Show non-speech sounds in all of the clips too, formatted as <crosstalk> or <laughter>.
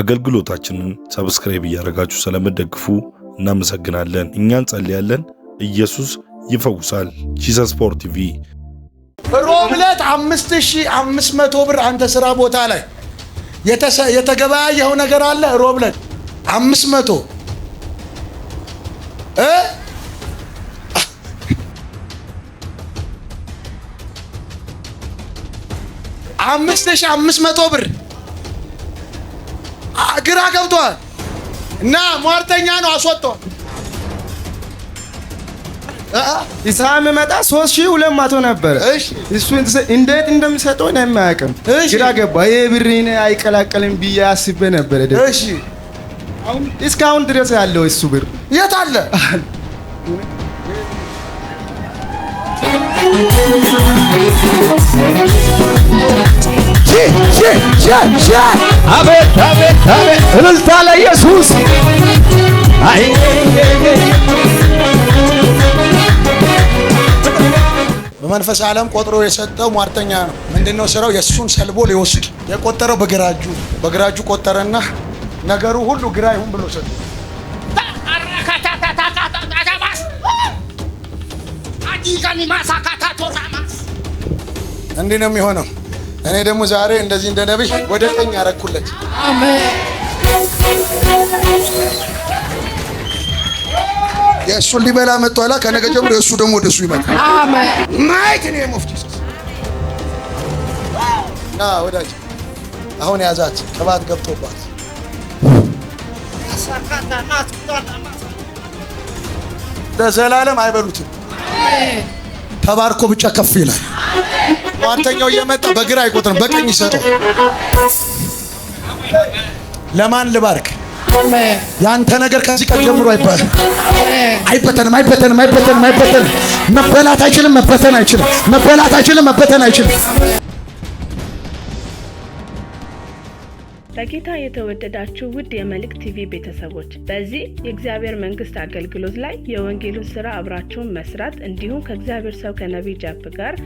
አገልግሎታችንን ሰብስክራይብ እያደረጋችሁ ስለምደግፉ እናመሰግናለን። እኛ እንጸልያለን፣ ኢየሱስ ይፈውሳል። ጂሰስ ፓወር ቲቪ ሮብለት 5500 ብር አንተ ስራ ቦታ ላይ የተገበያየው ነገር አለ። ሮብለት 500 እ አምስት ሺህ አምስት መቶ ብር ግራ ገብቷል እና ሟርተኛ ነው አስወጥቶ ኢሳም መጣ። ሶስት ሺህ ሁለት ነበር። እሱ እንዴት እንደሚሰጠው ነው አያውቅም። ግራ ገባ። ይሄ ብሬን አይቀላቀልም ብዬ አስቤ ነበር። እሺ አሁን እስካሁን ድረስ ያለው እሱ ብር የት አለ? <laughs> አቤት አቤት አቤት! እልልታ ለኢየሱስ! በመንፈስ ዓለም ቆጥሮ የሰጠው ሟርተኛ ነው። ምንድነው ስራው? የእሱን ሰልቦ ሊወስድ የቆጠረው በግራ እጁ ቆጠረና ነገሩ ሁሉ ግራ ይሁን ብሎ እንዲህ ነው የሚሆነው። እኔ ደግሞ ዛሬ እንደዚህ እንደ ነቢይ ወደ ቀኝ አረኩለት። የእሱን ሊበላ መጥቷላ። ከነገ ጀምሮ የእሱ ደግሞ ወደ እሱ ይመጣል። ማየት ነው የሞፍት እና ወዳጅ አሁን ያዛት ቅባት ገብቶባት ለዘላለም አይበሉትም። ተባርኮ ብቻ ከፍ ይላል። ሟርተኛው እየመጣ በግራ አይቆጥርም፣ በቀኝ ይሰጠው። ለማን ልባርክ? ያንተ ነገር ከዚህ ቀን ጀምሮ አይባልም። አይበተንም፣ አይበተንም፣ አይበተንም፣ አይበተንም። መበላት አይችልም፣ መበተን አይችልም፣ መበላት አይችልም፣ መበተን አይችልም። በጌታ የተወደዳችሁ ውድ የመልሕቅ ቲቪ ቤተሰቦች በዚህ የእግዚአብሔር መንግስት አገልግሎት ላይ የወንጌሉን ስራ አብራችሁን መስራት እንዲሁም ከእግዚአብሔር ሰው ከነቢይ ጃፕ ጋር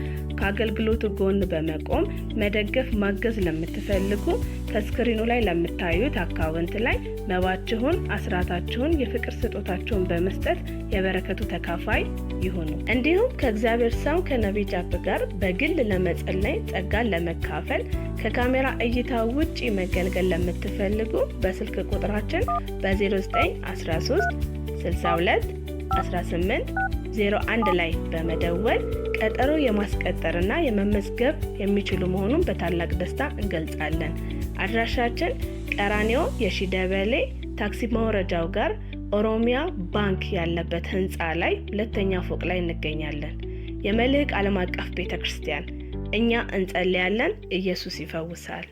ከአገልግሎቱ ጎን በመቆም መደገፍ ማገዝ ለምትፈልጉ ከስክሪኑ ላይ ለምታዩት አካውንት ላይ መባችሁን፣ አስራታችሁን፣ የፍቅር ስጦታችሁን በመስጠት የበረከቱ ተካፋይ ይሁኑ። እንዲሁም ከእግዚአብሔር ሰው ከነቢይ ጃፕ ጋር በግል ለመጸለይ ጸጋን ለመካፈል ከካሜራ እይታ ውጪ መገልገል ለምትፈልጉ በስልክ ቁጥራችን በ0913 62 18 01 ላይ በመደወል ቀጠሮ የማስቀጠርና የመመዝገብ የሚችሉ መሆኑን በታላቅ ደስታ እንገልጻለን። አድራሻችን ቀራኒዮ የሺደበሌ ታክሲ ማውረጃው ጋር ኦሮሚያ ባንክ ያለበት ህንፃ ላይ ሁለተኛ ፎቅ ላይ እንገኛለን። የመልህቅ ዓለም አቀፍ ቤተ ክርስቲያን። እኛ እንጸልያለን፣ ኢየሱስ ይፈውሳል።